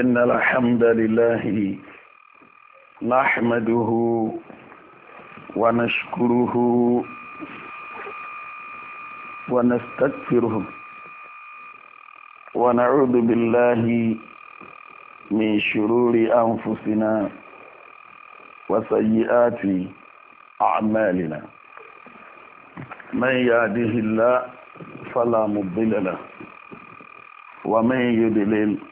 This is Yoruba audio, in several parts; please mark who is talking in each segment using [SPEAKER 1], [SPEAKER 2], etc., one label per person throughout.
[SPEAKER 1] إن الحمد لله نحمده ونشكره ونستغفره ونعوذ بالله من شرور أنفسنا وسيئات أعمالنا من يهده الله فلا مضل له ومن يضلل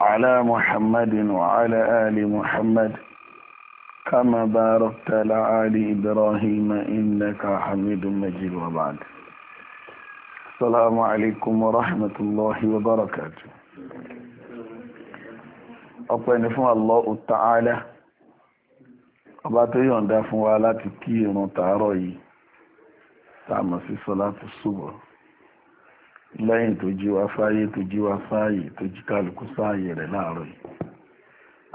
[SPEAKER 1] على محمد وعلى آل محمد كما باركت على إبراهيم إنك حميد مجيد وبعد السلام عليكم ورحمة الله وبركاته ọpẹ́ ni الله تعالى Ta'ala ọba tó yọ̀ǹda fún wa láti kí ìrun lẹ́yìn tó jí wa fáyé tó jí wa fáyé tó jí kálukú sáàyè rẹ̀ láàárọ̀ yìí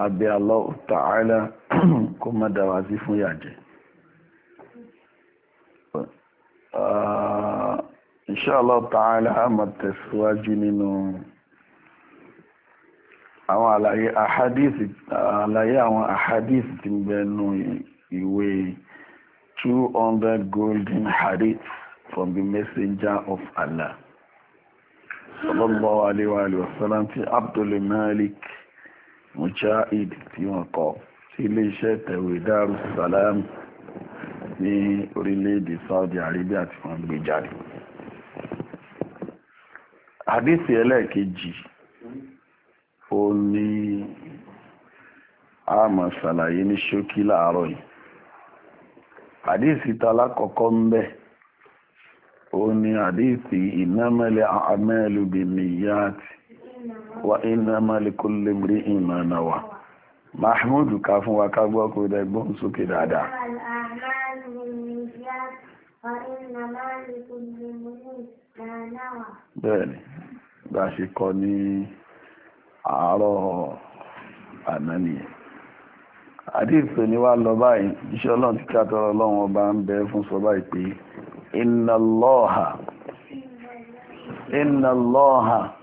[SPEAKER 1] abẹ́ Allah Ta'ala kó má dá wa sí fún yàjẹ́ Insha Allah Ta'ala a máa tẹ̀síwájú nínú àwọn àlàyé àhádìsì àlàyé àwọn àhádìsì tí ń ìwé 200 golden hadith from the messenger of Allah sallallahu alaihi wa sallam tí abdulmalik mujahid tí wọ́n kọ sí iléeṣẹ́ tẹ̀wé darussalam ní orílẹ̀-èdè saudi arabia tí wọ́n gbé jáde àdísì ẹlẹ́ẹ̀kejì ó ní a máa ṣàlàyé ní ṣókí láàárọ̀ yìí àdísì tá lákọ̀ọ́kọ́ ń bẹ́ẹ̀ òun ni àdíìsì ìnámẹ́lẹ̀ àmẹ́lù bí nìyàtì wà ìnámẹ́lẹ̀ mahmud wa bẹ́ẹ̀ni bá ṣe kọ ní àárọ̀ àná nìyẹn àdíìsì ni wá lọ báyìí iṣẹ́ ọlọ́run ti kí ọlọ́run ọba ń bẹ fún sọ inna allaha inna allaha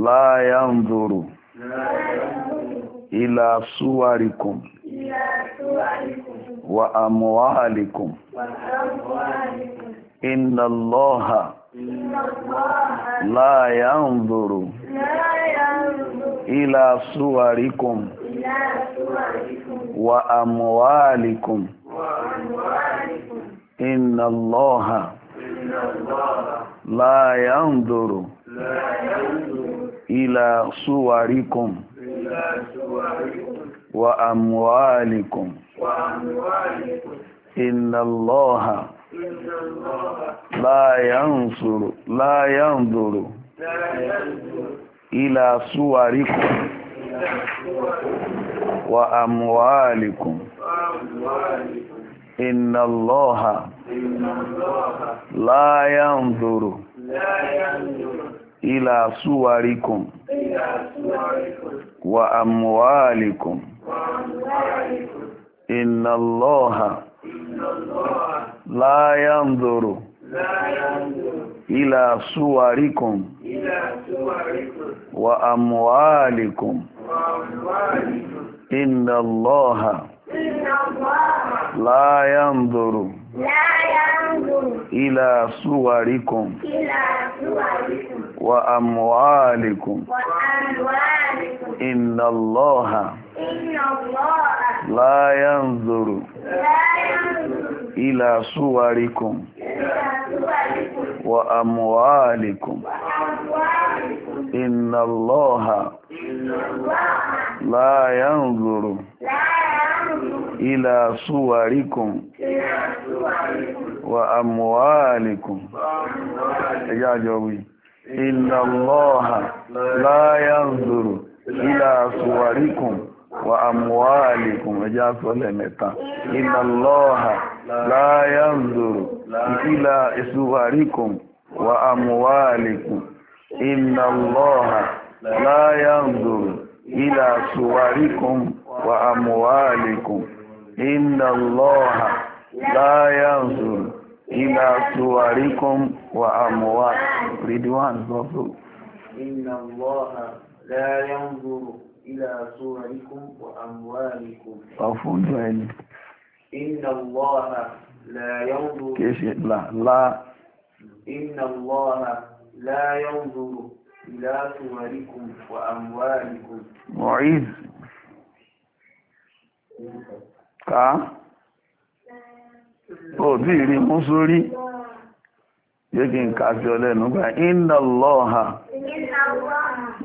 [SPEAKER 1] la yanzuru ila suwarikum wa amwalikum inna allaha la yanzuru ila suwarikum wa amwalikum إن الله لا ينظر إلى صوركم وأموالكم إن الله لا ينصر لا ينظر إلى صوركم وأموالكم إن الله لا ينظر إلى صوركم وأموالكم إن الله لا ينظر إلى صوركم وأموالكم إن الله لا ينظر إلى صوركم وأموالكم إن الله لا ينظر إلى صوركم وأموالكم إن الله لا ينظر إلى صوركم وأموالكم إن الله لا ينظر إلى صوركم wa amwalikum ẹjá sọ́lẹ̀ inna Allaha la yanzuru ila suwarikum wa amwalikum inna Allaha la yanzuru ila suwarikum wa amwalikum inna Allaha la yanzuru ila suwarikum wa amwalikum read one
[SPEAKER 2] inna Allaha la yanzuru إلى صوركم وأموالكم عفوا يعني إن الله لا ينظر كيش لا
[SPEAKER 1] لا إن الله لا ينظر إلى صوركم وأموالكم معيذ ká
[SPEAKER 2] ó tí ìrí mú sórí
[SPEAKER 1] yé kí n ká sí ọlẹ́nu gbà inna Allaha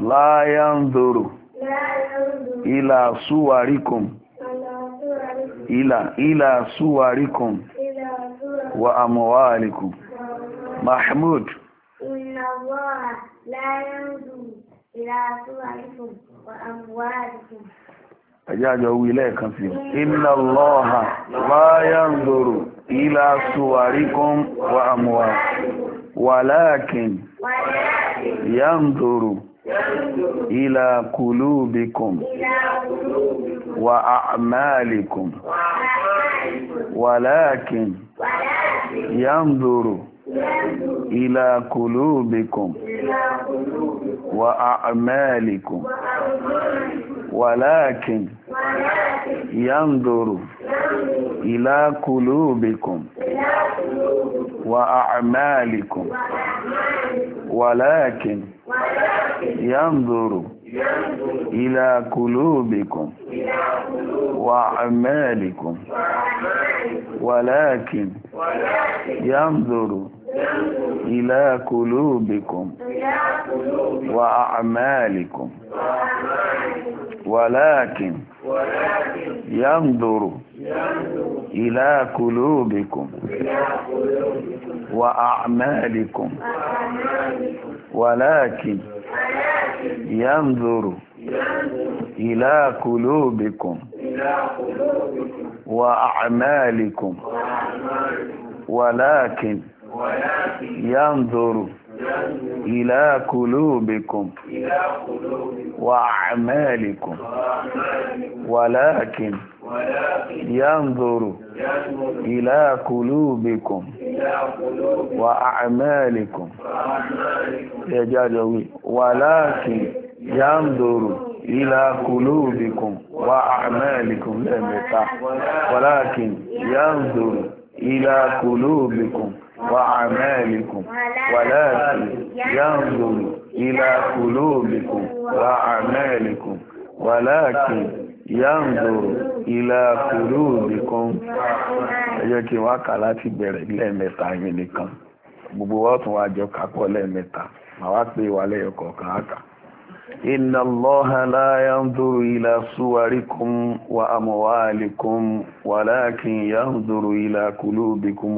[SPEAKER 1] la yanzuru ìlà súwáríkùn ìlà ìlà súwáríkùn wa àmọ̀wáàlìkùn mahmud
[SPEAKER 2] inna allaha la yanzuru ila suwarikum wa amwalikum
[SPEAKER 1] Ajájọ wí lẹ́ẹ̀kan sí. Inna Allaha la yanzuru ila suwarikum wa amwalikum. Walakin
[SPEAKER 2] yanzuru
[SPEAKER 1] إلى قلوبكم وأعمالكم ولكن
[SPEAKER 2] ينظر
[SPEAKER 1] إلى قلوبكم وأعمالكم ولكن ينظر إلى قلوبكم وأعمالكم ولكن ينظر إلى قلوبكم وأعمالكم ولكن ينظر إلى قلوبكم وأعمالكم ولكن ينظر إلى قلوبكم وأعمالكم ولكن ينظر إلى قلوبكم وأعمالكم ولكن ينظر إلى قلوبكم وأعمالكم ولكن ينظر إلى قلوبكم وأعمالكم يا يجعل ولكن ينظر إلى قلوبكم وأعمالكم لمتع ولكن ينظر إلى قلوبكم وأعمالكم ولكن ينظر إلى قلوبكم وأعمالكم
[SPEAKER 2] ولكن yanzuru ila qulubikum
[SPEAKER 1] ẹ jẹ́ kí wá kà láti bẹ̀rẹ̀ lẹ́ẹ̀mẹ́ta nìkan gbogbo wa tún wá jọ kápọ̀ lẹ́ẹ̀mẹ́ta màá wá pé wà lẹ́yọ kọ̀ọ̀kan àkà. inna Allaha ila suwarikum wa yanzuru ila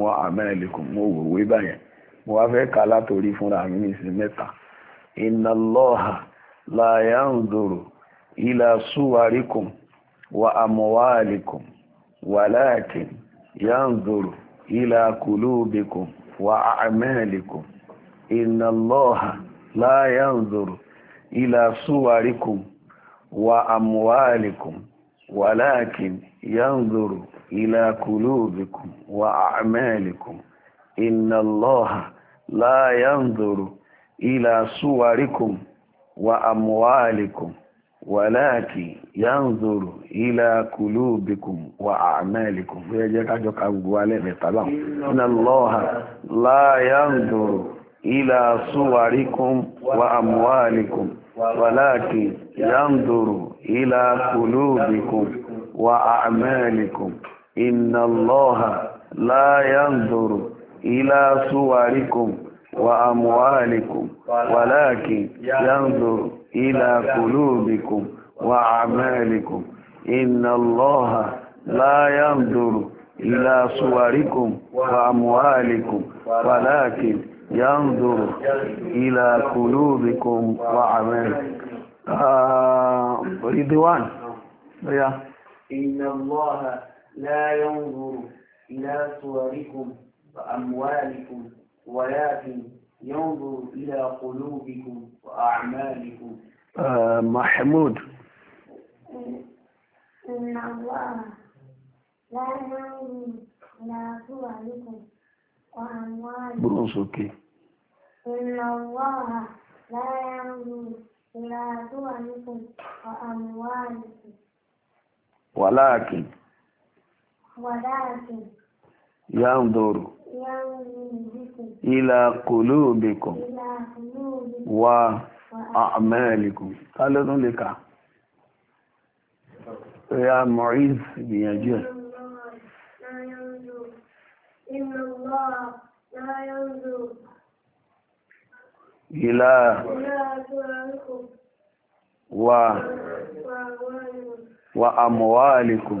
[SPEAKER 1] wa a'malikum mo wò báyẹn mo wá fẹ́ kà látòrí fúnra mi mẹ́ta وأموالكم ولكن ينظر إلى قلوبكم وأعمالكم إن الله لا ينظر إلى صوركم وأموالكم ولكن ينظر إلى قلوبكم وأعمالكم إن الله لا ينظر إلى صوركم وأموالكم wàláàkì yánzòrò ilá kùlúùbìkùn wà àmẹ́lìkùn fún ẹjẹ́ kájọ ká gbogbo alẹ́ mẹ́ta báwọn iná lọ́ha láyánzòrò ilá súwárìkùn wà àmúwálìkùn wàláàkì yánzòrò ilá kùlúùbìkùn wà àmẹ́lìkùn iná lọ́ha láyánzòrò ilá súwárìkùn wà àmúwálìkùn wàláàkì yánzòrò إلى قلوبكم وأعمالكم إن الله لا ينظر إلى صوركم وأموالكم ولكن ينظر إلى قلوبكم وأعمالكم آه
[SPEAKER 2] رضوان
[SPEAKER 1] يا إن الله لا ينظر إلى صوركم وأموالكم ولكن ينظر إلى قلوبكم وأعمالكم آه محمود
[SPEAKER 2] إن الله لا ينظر إلى صوركم وأموالكم إن الله لا ينظر إلى صوركم وأموالكم
[SPEAKER 1] ولكن
[SPEAKER 2] ولكن
[SPEAKER 1] yanduru ila qulubikum wa a'malikum ta ló tún lè kà ya Mu'iz gbìyànjú ẹ̀ Ìlà wa wa amwalikum.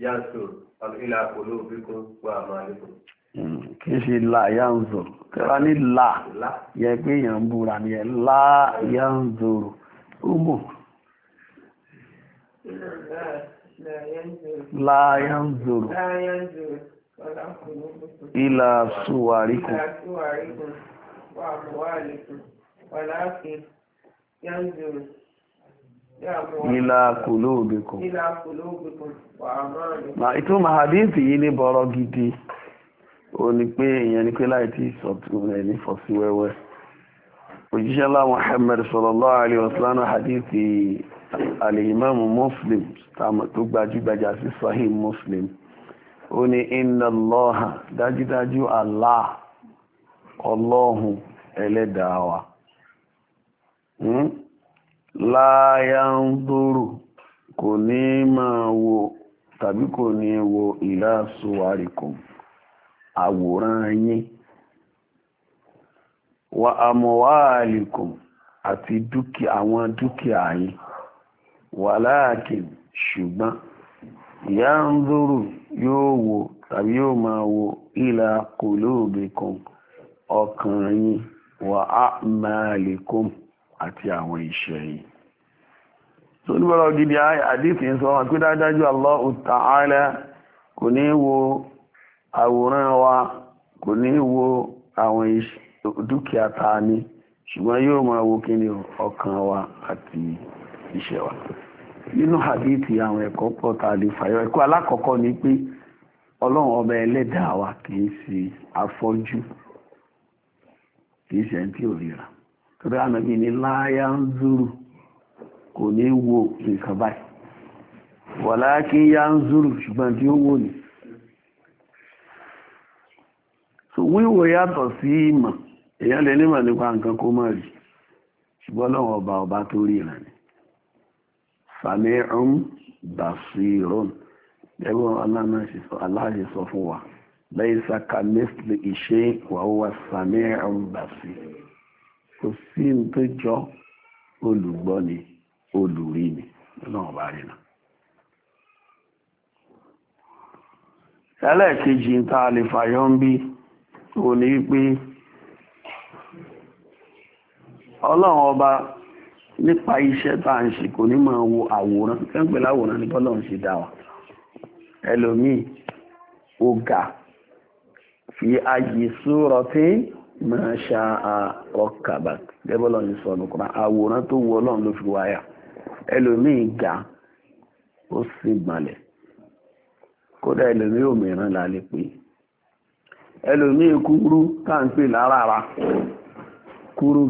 [SPEAKER 1] yánsùn àmìlà kòló òbíkún wà àmàlẹ́kùn. kì í ṣe la yánsùn kẹwàá ní la yẹ pé èèyàn ń búra ni ẹ la yánsùn umu. la yánsùn.
[SPEAKER 2] ilà suwarikun. wà àmúwálẹ̀kùn wà láàfin yánsùn. ila kulubikum na
[SPEAKER 1] ìtumọ̀ hadithi yìí ní bọ̀rọ̀ gidi ó ní pé èèyàn ní pé láì tí ìsọ̀tún rẹ̀ ní fọ̀sí wẹ́wẹ́ òjíṣẹ́ láwọn Muhammad sallallahu alaihi wasallam hadithi alìmọ́mù Muslim tó gbajúgbajà sí Sahih Muslim ó ní inna Allah láyá ń dúró kò ní máa wo tàbí kò ní wo ìlàsùwárìkùn àwòrán yín wa amọ̀wáàlìkùn àti dúkìá àwọn dúkìá yín wà láàkìn ṣùgbọ́n ìyá ń dúró yóò wo tàbí yóò máa wo ìlà kòlóòbìkùn ọkàn yín wà á àti àwọn ìṣẹ̀yìn tó níbọ̀rọ̀ gidi àdífì ń sọ wọn pé dájájú Allahu Ta'ala kò ní wo àwòrán wa kò ní wo àwọn dúkìá ta ní ṣùgbọ́n yóò máa wo kí ni ọkàn wa àti iṣẹ́ wa nínú hadithi àwọn ẹ̀kọ́ pọ̀ ta lè fàyọ ẹ̀kọ́ ni pé ọlọ́run ọba ẹlẹ́dàá wa kì í ṣe afọ́jú kì í ṣe torí ànàbí ni láyá ń zúrù kò ní wo nǹkan báyìí wà láàkí yá ń zúrù ṣùgbọ́n tí ó wò ní so wíwò yàtọ̀ sí ìmọ̀ èyàn lè nímọ̀ nípa nǹkan kó mọ̀ rí ṣùgbọ́n lọ́wọ́ ọba ọba tó rí ìrìn sami'un basirun ẹgbọ́n aláàṣẹ sọ fún wa laysa kamithlihi shay'un wa huwa sami'un basir kò sí ní tó jọ olùgbọ́ ni olùrí ni ọlọ́run bá rí náà. ẹlẹ́ẹ̀kejì tá a lè fàyọ́ ń bí ò ní pé ọlọ́run ọba nípa iṣẹ́ tá à ń ṣe kò ní máa wo àwòrán kẹ́ńpẹ́ láwòrán ní bọ́lọ́run ṣe dá wa ẹlòmíì ó ga fi àyè sóòrọ̀ tí máa ṣá gẹ́bọ́lọ́ ní sọ̀nù kan àwòrán tó wọ fi wáyà ẹlòmíì ga ó sì gbalẹ̀ kódà ẹlòmíì òmìnira la lè pè ẹlòmíì kúrú tá à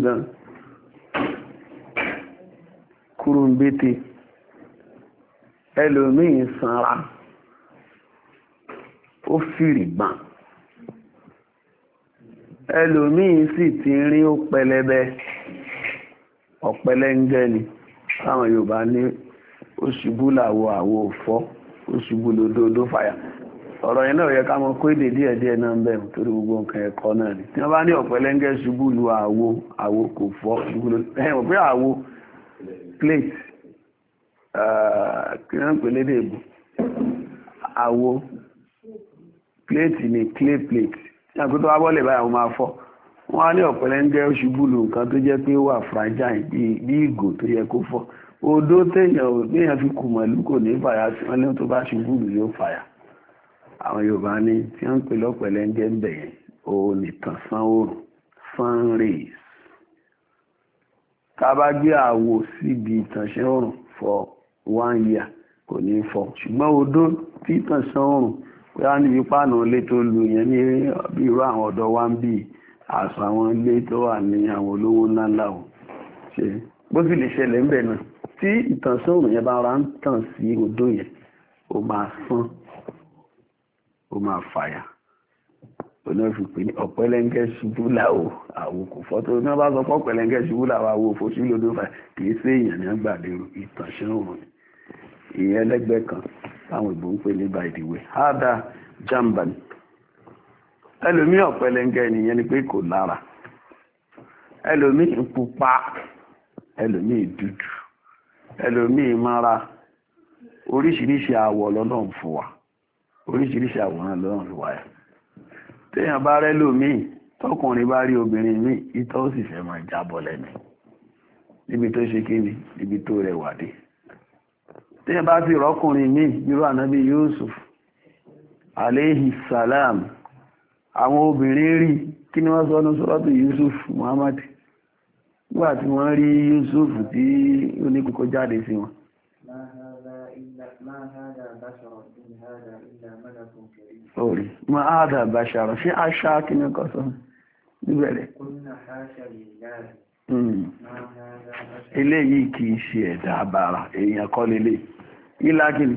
[SPEAKER 1] gan kúrú ń bété ẹlòmíì sanra ó fìrì ẹlòmíín sì ti rí ó pẹlẹbẹ ni táwọn Yorùbá ní oṣùbù làwọ àwọ òfọ́ oṣùbù lòdòdó fàyà ọ̀rọ̀ yẹn náà yẹ ká mọ kó èdè díẹ̀ díẹ̀ náà ń bẹ̀ torí gbogbo nǹkan ẹ̀kọ́ náà ni tí wọ́n bá ní ọ̀pẹlẹ́ngẹ́ ṣubú lu àwo àwo kò fọ́ ṣubú lu pé àwo plate eh, kí wọ́n ń pè lédè ìbò àwo plate ni clay plate yàgò tó wá bọ́lẹ̀ báyà wọ́n máa fọ́ wọ́n á ní ọ̀pẹ̀lẹ̀ ń jẹ́ oṣùbù lù nǹkan tó jẹ́ pé wà fragile bí ìgò tó yẹ kó fọ́ odó téèyàn fi kù mọ̀lú kò ní fàyà sí wọn lẹ́yìn tó bá ṣubú lù yóò fàyà àwọn Yorùbá ní tí wọ́n ń pè lọ́pẹ̀lẹ̀ ń jẹ́ ń bẹ̀yẹn òun nìkan san oòrùn sun rays tá a bá gbé àwo síbi ìtànṣẹ́ oòrùn for one year kò ní fọ́ ṣùgbọ́n odó tí ìtànṣẹ́ oòrùn pé á níbi páànù ilé tó lu yẹn ní bí irú àwọn ọ̀dọ́ wa ń bì àṣà àwọn ilé tó wà ní àwọn olówó ńláńlá o ṣe bó sì lè ṣẹlẹ̀ ń bẹ̀ náà tí ìtànsán òrùn yẹn bá ra ń tàn sí odó yẹn ó máa sán ó máa fàyà oná fi pè ní ọ̀pẹ́lẹ́ńgẹ́ ṣubú làwọ̀ àwọn kò fọ́ tó ní wọ́n bá sọ pé ọ̀pẹ́lẹ́ńgẹ́ ṣubú làwọ̀ àwọn òfò ṣúlódó fà kì í sí èèyàn ní àgbàlérò ìtànṣán òrùn ìyẹn lẹ́gbẹ́ kan táwọn ìbò ń pè ní by the way hada jamban ẹlòmí ọ̀pẹlẹngẹ nìyẹn ni pé kò lára ẹlòmí pupa ẹlòmí dúdú ẹlòmí mara oríṣiríṣi àwọ̀ lọ́nà ń fún wa oríṣiríṣi àwòrán lọ́nà ń wá ẹ̀ téèyàn bá rẹ́ lòmíì tọkùnrin bá rí obìnrin míì ìtọ́ sì fẹ́ máa jábọ̀ lẹ́nu níbi tó ṣe kí ni níbi tó rẹwà dé tí ẹ bá fi rọ́kùnrin ní irú ànábí Yusuf aléhì salam àwọn obìnrin rí kí ni wọ́n sọ́nà sọ́rọ́tù Yusuf Muhammad nígbà tí wọ́n rí Yusuf tí ó ní kókó jáde sí wọn orí ma áàdà bàṣàrọ̀ sí aṣá kí ní kọ́ sọ́nà níbẹ̀rẹ̀
[SPEAKER 2] hmm. eléyìí
[SPEAKER 1] kìí ṣe ẹ̀dà àbàrà èèyàn kọ́ lélẹ́yìí ilá gini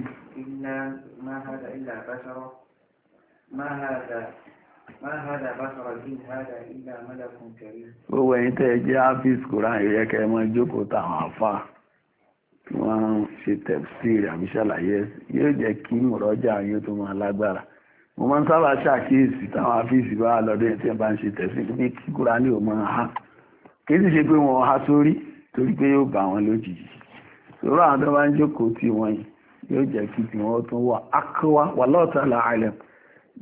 [SPEAKER 1] gbogbo ẹ̀yin tẹ́ jẹ́ áfíìs kòrán ìrẹ́kẹ́ mọ́ jókòó tàwọn àfá tí wọ́n ṣe tẹ̀síìrì àbí ṣàlàyé yóò jẹ́ kí mọ̀rọ́jà yóò tó máa lágbára mo máa ń sábà ṣàkíyèsí táwọn áfíìsì bá lọ́dún tí wọ́n bá ń ṣe tẹ̀síìrì bí kíkúra ní òun máa há kì í sì ṣe pé wọ́n há sórí torí pé yóò bá wọn lójijì sọ̀rọ̀ àwọn tó bá ń jókòó tí wọ́n yìí yóò jẹ́ kí tí wọ́n tún wà akọwà wà lọ́ọ̀tà làálẹ̀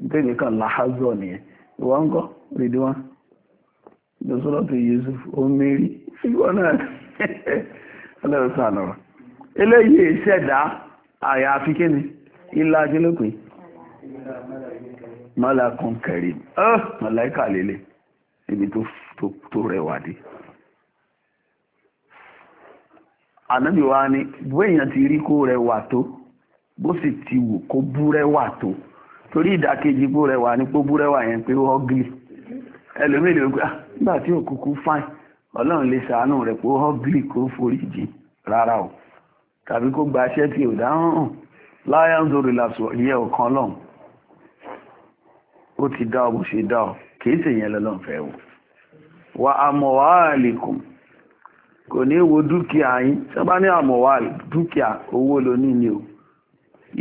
[SPEAKER 1] nìyẹn ń wọn Yusuf náà eléyìí ṣẹ̀dá àyàfi kí ni ilá mọ́lá ah, kẹrin ibi tó rẹwà dé ànábì wa ni bó èèyàn ti rí kó rẹwà tó bó sì ti wù kó búrẹ́wà tó torí ìdàkejì bó rẹwà ni pé búrẹ́wà yẹn pé ó ọ́gìlì ẹlòmíì ló gbà ah, nígbà tí òkùnkù fáìn ọlọ́run lè ṣàánú rẹ̀ pé ó ọ́gìlì kó forí jì o tàbí kó gba iṣẹ́ tí ò dáhùn hàn láyà ń zorí làṣọ ìyẹn ọ̀kan ti ọ kò ní wo dúkìá yín tí wọ́n bá ní àmọ̀wá dúkìá owó ni o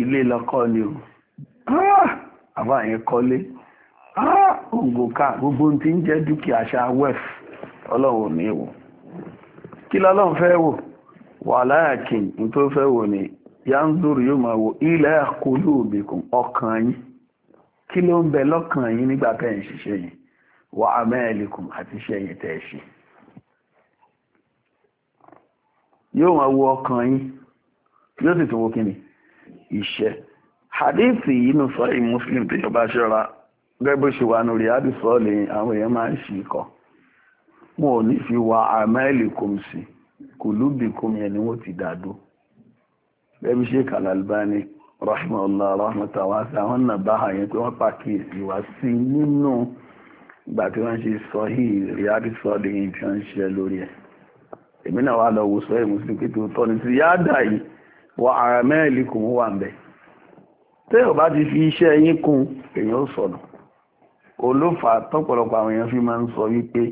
[SPEAKER 1] ilé lọ́kọ́ ni o ah! àbá yẹn kọ́lé ah! gbogbo ti ń jẹ́ dúkìá ṣá wef ọlọ́run ní wò kí lọ́lọ́run fẹ́ wò wà láàkín ní tó fẹ́ wò ní yanzuru yóò máa wò ilẹ̀ ọkàn yín kí ló ń bẹ lọ́kàn yín nígbà tẹ́ ń yóò máa wo ọkàn yín yóò sì tún wo kíni iṣẹ́ hadithi yìí nù sọ yìí muslim tó yọba ṣọ́ra gẹ́gẹ́ bó ṣe wà nù rí àdìsọ lè àwọn èèyàn máa ń ṣì kọ wọn ò ní fi wa àmẹ́lì kòm sí kò lúbi kòm yẹn ni wọ́n ti dàdó gẹ́gẹ́ bí Sheikh Al-Albani rahimahullah rahmatan wa sí àwọn náà bá àyẹn pé wọ́n pàkíyèsí wá sí nínú ìgbà tí wọ́n ṣe sọ rí àdìsọ lè yìí tí wọ́n ṣe lórí ẹ̀ èmi náà wà lọ wòsàn ẹ̀ mùsùlùmí pé tòótọ́ ni ti yáàdà yìí wọ ara mẹ́rìnlì kùn wà ń bẹ̀ tẹ́ ò bá ti fi iṣẹ́ yín kún èèyàn ó sọ̀nà olófà tọ́pọ̀lọpọ̀ àwọn èèyàn fi máa ń sọ wípé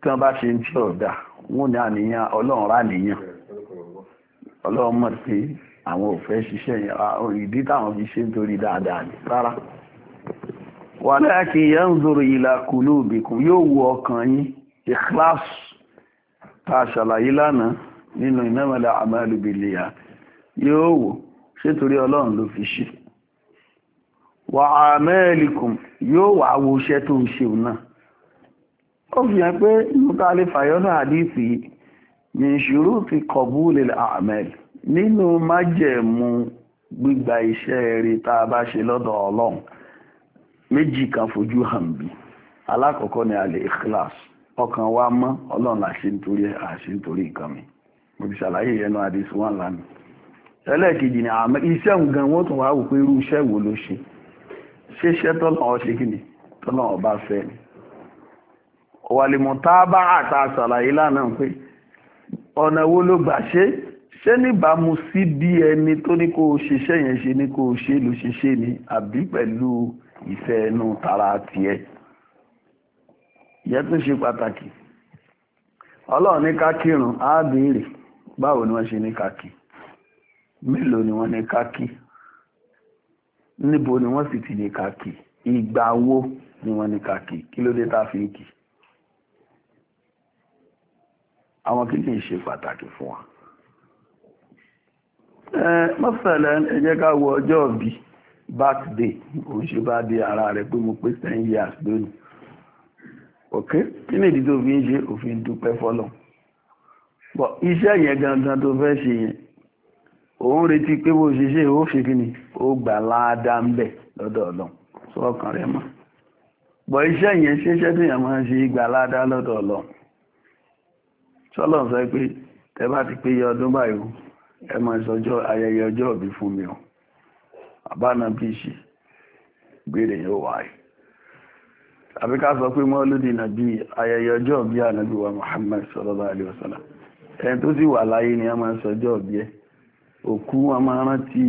[SPEAKER 1] tí wọ́n bá ṣe ń tí ọ̀dà wọ́n ní àníyàn ọlọ́run rà níyàn ọlọ́run mọ̀ pé àwọn ò fẹ́ ṣiṣẹ́ ìdí táwọn fi ṣe nítorí dáadáa rárá walakin yanzuru ila qulubikum yóò wo ọkàn yín ikhlas ta ṣàlàyé lánàá nínú innamal a'malu binniyat yóò wò ṣètòrí ọlọ́run ló fi ṣe wà àmẹ́ẹ̀lìkùn yóò wà wo iṣẹ́ tó ń ṣe náà ó fi hàn pé nǹkan alẹ́ fàyọ́nà àdìsí ní ìṣòro ti kọ̀bú lè àmẹ́ẹ̀lì nínú májẹ̀mú gbígba iṣẹ́ rí tá a bá ṣe lọ́dọ̀ ọlọ́run méjì kan fojú hàn bí alákọ̀ọ́kọ́ ni alẹ́ ikhlas ọkàn wa mọ́ ọlọ́run láṣẹ nítorí àṣẹ nítorí nǹkan mi mo fi ṣàlàyé ẹnu àdìsí wọn lánàá ẹlẹ́ẹ̀kejì ni àmọ́ iṣẹ́ nǹkan wọ́n tún wá wò pé irú iṣẹ́ wo ló ṣe ṣé iṣẹ́ tọ́lọ́wọ́ ṣe kí ni tọ́lọ́wọ́ bá fẹ́ ni ọ̀wàlìmọ̀ tá a bá àta ṣàlàyé lánàá pé ọ̀nà wo ló gbà ṣe ṣé níbàámu sí bí ẹni tó ní kó ṣiṣẹ́ yẹn ṣe ní kó ṣe ló ṣe ni àbí pẹ̀lú ìfẹ́ ẹnu tara tiẹ̀ ìyẹn tún ṣe pàtàkì ọlọ́run ní ká kírun á béèrè báwo ni wọ́n ṣe ní ká mélòó ni wọ́n ní ni wọ́n sì ti ní ká ìgbà wo ni wọ́n ní ká kí ló dé fi ń kí àwọn kí ní ṣe
[SPEAKER 2] pàtàkì
[SPEAKER 1] birthday kò ṣe bá dé ara rẹ̀ pé mo pé ten years lónìí ok kí ni ìdí tó fi ń ṣe òfin dúpẹ́ fọ́lọ̀ bọ̀ iṣẹ́ yẹn gangan tó fẹ́ ṣe yẹn òun retí pé bó ṣe ṣe ó fi kí ni ó gbà láàdá ń bẹ̀ lọ́dọ̀ ọlọ́run sọ ọkàn rẹ̀ mọ́ bọ̀ iṣẹ́ yẹn ṣeṣẹ́ tó yẹn máa ń ṣe gbà láàdá lọ́dọ̀ ọlọ́run sọ́lọ̀ sọ pé tẹ bá ti pé iye ọdún báyìí ẹ máa sọjọ́ ayẹyẹ ọjọ́ ìbí fún mi o àbánabíṣì gbére yóò wáyé àbí ká sọ pé mọ́lúdì nàbí ayẹyẹ ọjọ́ bí ànábì wa Muhammad sallallahu alaihi wasallam ẹni tó sì wà láyé ni a máa sọjọ́ bí ẹ òkú wọn máa rántí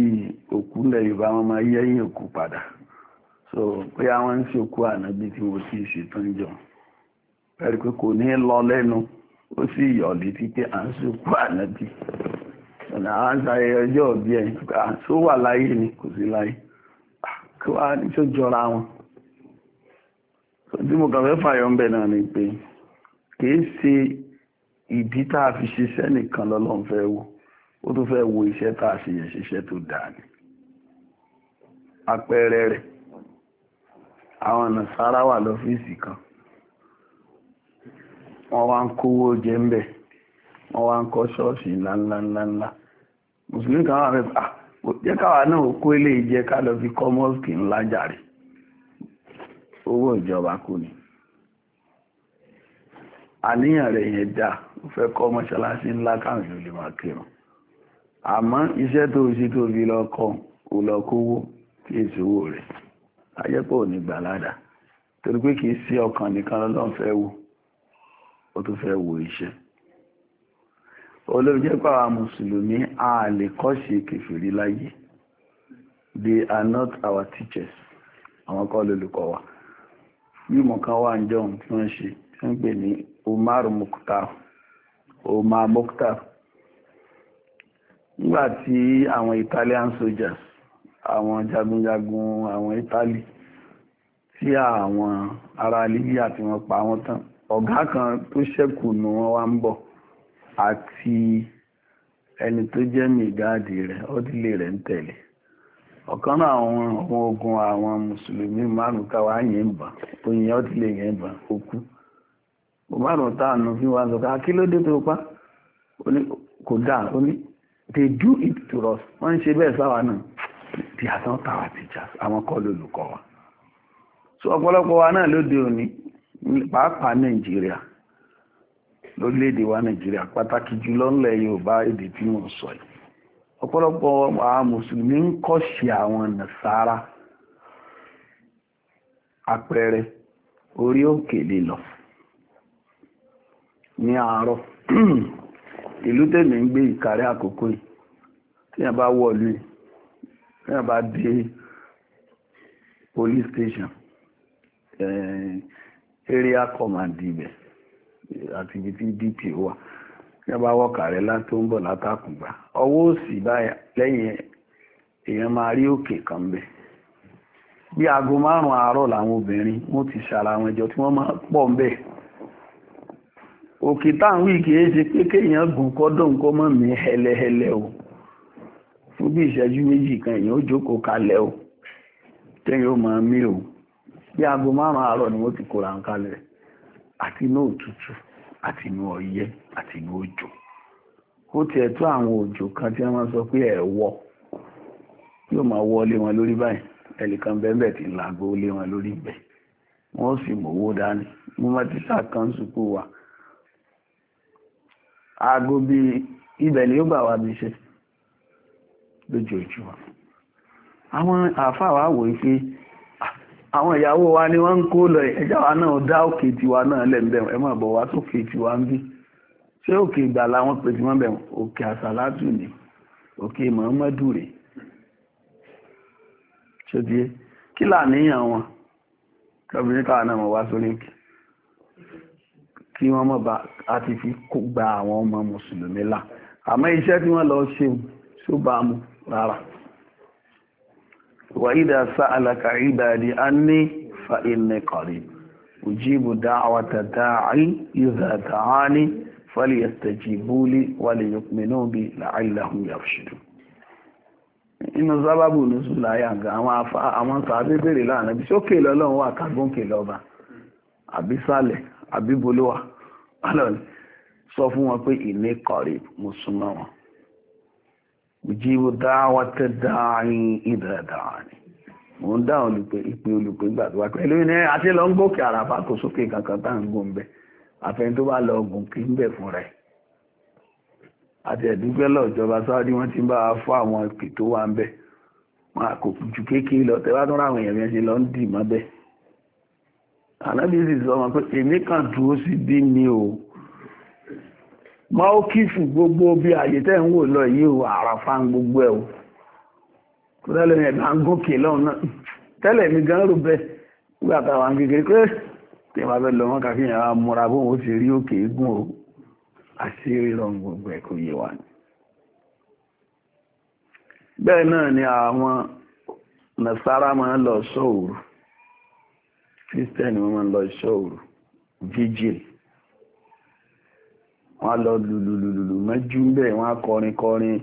[SPEAKER 1] òkú ilẹ̀ Yorùbá wọn máa yẹ́yìn òkú padà so pé àwọn ń ṣe òkú ànábì tí wọ́n ti ṣe tán jọ pẹ̀lú pé kò ní lọ lẹ́nu ó sì yọ̀ létí pé à ń ṣe òkú ànábì ọ̀nà àásáyẹ ọjọ́ ọ̀bí tó wà láyé ni kò sí láyé kí wá ní tó jọra wọn tí mo kàn fẹ́ ń bẹ̀ náà ni pé kìí ṣe ìdí tá a fi ṣiṣẹ́ nìkan fẹ́ ó tún fẹ́ wo iṣẹ́ tá a ṣiṣẹ́ tó ni àwọn wà kan wọ́n wá ń kówó ń bẹ̀ wọ́n mùsùlùmí kan wà fẹ́ẹ́ ah jẹ́ káwa náà kó ilé ìjẹ ká lọ fi kọ́ mọ́ọ̀sì ńlá jàre owó ìjọba kù ni àníyàn rẹ̀ yẹn dá ó fẹ́ kọ́ mọ́ṣáláṣí ńlá káwọn èèyàn lè máa kírun àmọ́ iṣẹ́ tó o ṣe tó fi lọ kọ́ ò lọ kówó kí èsì owó rẹ̀ ajẹ́pọ̀ ò ní gbà torí pé kì í sí ọkàn nìkan lọ́lọ́run fẹ́ wò ó tún fẹ́ wò iṣẹ́ olóòjẹ́ pàwà mùsùlùmí a lè kọ́ṣe kèfèrí láyé they are not our teachers àwọn kọ́ lólùkọ́ wa mímọ̀ kan wà ń jọun tí wọ́n ṣe ń pè ní Umar Mukhtar Omar Mukhtar nígbàtí àwọn Italian soldiers àwọn jagunjagun àwọn Italy tí àwọn ará Libya tí wọ́n pa wọ́n tán ọ̀gá kan tó ṣẹ́kù nù wọ́n wá ń bọ̀ àti ẹni tó jẹ́ mìgáàdì rẹ̀ ọdílé rẹ̀ ń tẹ̀lé ọ̀kan náà àwọn ọmọ ogun àwọn mùsùlùmí márùn táwa yẹn ń bà tó yẹn ọdílé yẹn bà ó kú táànù fi wá sọ ká kí ló dé tó pa ó ní kò dáa ó ní they do it to us wọ́n ń ṣe bẹ́ẹ̀ sáwa náà di àtàn táwa ti jà àwọn kọ́ lólùkọ́ wa so ọ̀pọ̀lọpọ̀ wa náà lóde òní pàápàá Nàìjíríà lórílẹ̀‐èdè wa nàìjíríà pàtàkì jùlọ ńlẹ̀ yorùbá èdè tí mo sọ yìí ọ̀pọ̀lọpọ̀ àwọn mùsùlùmí ń kọ́ṣe àwọn nàṣàrà àpẹẹrẹ orí òkè lílọ ní àárọ̀ ìlú tèmi ń gbé ìkàrẹ́ àkókò yìí tíyàn bá wọ̀lú tí bá dé police station eh, area àti ibi tí dp wà yẹn bá wọ́ọ̀kà rẹ̀ látó ń bọ̀ látàkùngbà ọwọ́ òsì báyìí lẹ́yìn èèyàn máa rí òkè kan bẹ́ẹ̀ bí aago márùn-ún àárọ̀ làwọn obìnrin wọ́n ti ṣara wọn jọ tí wọ́n máa pọ̀ ń bẹ̀. òkè táwọn wíìkì yẹn ṣe pé kéèyàn gùn kọ́dọ̀ nǹkan mọ̀ mí hẹlẹhẹlẹ o fún bí ìṣẹ́jú méjì kan èèyàn ó jókòó kalẹ̀ o téèyàn ó máa mí o bí aago márùn-ún ni wọ́n ti kóra ń kalẹ̀ àti inú òtútù àti inú ọyẹ àti inú òjò ó ti tó àwọn òjò kan tí wọ́n sọ pé ẹ̀ wọ́ yóò máa wọlé wọn lórí báyìí ẹnìkan bẹ́ẹ̀ ti ń lé wọn lórí bẹ̀ wọ́n sì mọ̀wó dání mo máa ti sá kan sùkú wa aago bíi ibẹ̀ ni ó gbà wá bí iṣẹ́ lójoojúmọ́ àwọn ìyàwó wa ni wọ́n ń kó lọ ẹjá wa náà dá òkè tiwa náà lẹ́m̀bẹ̀ ẹ máa bọ̀ wá sókè tiwa ń bí ṣé òkè ìgbà làwọn pè tí wọ́n bẹ̀ òkè àsàlátù ni òkè mọ̀ọ́mọ́dù rè ṣòdíé kí làníyàn wọn kọ́bìnrin káwa náà mọ̀ wá sórí òkè kí wọ́n mọ̀ bá a ti fi gba àwọn ọmọ mùsùlùmí là àmọ́ iṣẹ́ tí wọ́n lọ ṣe ṣó bá mu rárá wà ìdá sa'alaka ìbàdí anni fa inni qarib ujibu da'wata da'i idha da'ani falyastajibu li wa liyu'minu bi la'allahum yarshudun inú sábàbù nùsùlá yàgà àwọn afá àwọn sàábé bèèrè láàrin bí sókè lọ́lọ́run wà kágbóǹkè lọ́ba àbísàlẹ̀ àbíbolówà ọlọ́run sọ fún wọn pé ìní kọ̀rí mùsùlùmọ́ wọn ìjíwò dáwà tẹ́ dáàrin ìdá dáàrin mo ń dáhùn olùpẹ̀ ìpè olùpẹ̀ gbà tó wá pẹ̀lú ní àti lọ ń gòkè àràfà kò sókè kankan tá à ń gùn bẹ àfẹn tó bá lọ gùn kí ń bẹ fúnra ẹ̀ àti ẹ̀dúgbẹ́ lọ́jọba sáwọ́dí wọ́n ti ń bá fọ́ àwọn ìpè tó wà ń bẹ̀ wọn kò jù kékeré lọ tẹ́wá tó ráwọn èèyàn yẹn ṣe lọ ń dì mọ́ bẹ́ẹ̀ ànábìsì sọ wọn pé èmi kan dúró sí bí mi ò maokifu gbogbo bí àyè tẹ́ ń wò lọ yìí o àràfà ń gbogbo ẹ̀ o kò tẹ́lẹ̀ mi ẹ̀dá ń gòkè lọ́hùn náà tẹ́lẹ̀ mi gan rò bẹ́ẹ̀ nígbà táwa ń kékeré pé tí wọ́n fẹ́ lọ wọn kàfi yẹn wá múra bóun ó sì rí òkè gùn o àṣírí lọ gbogbo ẹ̀ kò yé wa ni. bẹ́ẹ̀ náà ni àwọn nasara máa ń lọ sọ́ọ̀rù kírísítẹ́nì máa ń lọ sọ́ọ̀rù vigil. wọ́n lọ lùlùlùlù mẹ́jú bẹ́ẹ̀ wọ́n kọrin kọrin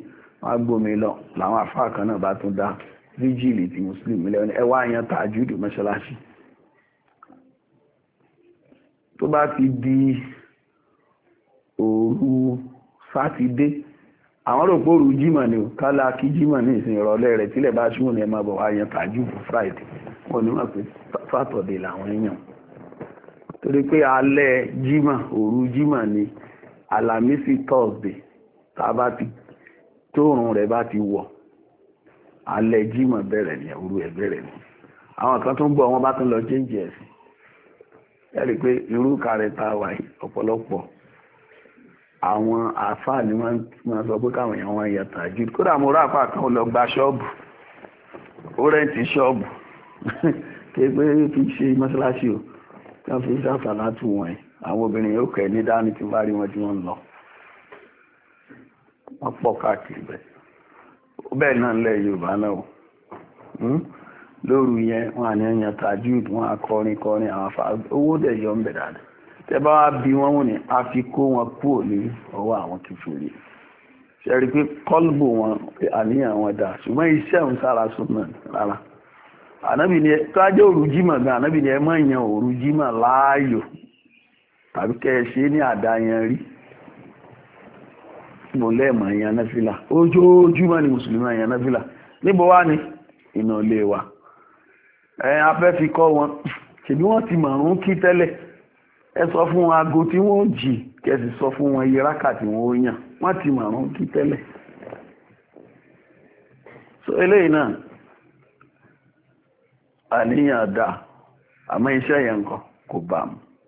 [SPEAKER 1] wọ́n gbómi lọ làwọn àfáà kan náà bá tún dá fíjìlì ti mùsùlùmí lẹ́wọ́n ẹ wá yan tàjúdù mọ́ṣáláṣí tó bá ti di òru sátidé àwọn rò pé òru jímọ̀ ni ò kálá kí jímọ̀ ní ìsìn ìrọ̀lẹ́ rẹ̀ tílẹ̀ bá ṣùgbọ́n ẹ máa bọ̀ wá yan tàjúdù friday wọn ò ní mọ̀ pé sátọ̀dẹ̀ làwọn èèyàn torí pé alẹ́ jímọ̀ òru jímọ̀ ni àlàmísì thursday tàbá ti tóòrùn rẹ̀ bá ti wọ̀ alẹ́ jímọ̀ bẹ̀rẹ̀ ní òru ẹ̀ bẹ̀rẹ̀ ní àwọn kan tó ń bọ̀ wọ́n bá tún lọ change ẹ̀sìn ẹ̀rí pé irú kárẹ̀ tá a wà yìí ọ̀pọ̀lọpọ̀ àwọn àáfàá ni wọ́n máa sọ pé káwọn èèyàn wọn yẹ tàjú kódà mo ráàpá kan lọ gba ṣọ́ọ̀bù ó rẹ́ǹtì ṣọ́ọ̀bù kéèpé fi ṣe mọ́ṣáláṣí o kí wọ́n fi ṣàṣà láti wọ̀nyí àwọn obìnrin yóò kẹ́ ní dání tí wọn lọ wọ́n pọ̀ káàkiri bẹ́ẹ̀ náà lẹ̀ hmm? yẹn wọn àní tajud wọn akọrin kọrin àwọn afa owó yọ bá wá bí wọn wọn a fi kó wọn kúrò ní àwọn tuntun yìí pé wọn àníyàn wọn dà ṣùgbọ́n iṣẹ́ òun sára súnmọ́ rárá ànábì tó ajé gan tàbí kẹ́ ẹ ṣe ní àdáyan rí mo lẹ́ẹ̀mọ̀ ẹ̀yàn náfìlà ojoojúmọ́ ni mùsùlùmí ẹ̀yàn náfìlà níbo wá ni iná ilé wa ẹ̀yàn afẹ́ fi kọ́ wọn ṣèbí wọ́n ti mọ̀rún kí tẹ́lẹ̀ ẹ sọ fún wọn aago tí wọ́n jì kẹsì sọ fún wọn iye rákà tí wọ́n yàn wọ́n ti mọ̀rún kí tẹ́lẹ̀ so eléyìí náà àníyàn dà àmọ́ iṣẹ́ yẹn kọ́ kò bá mu.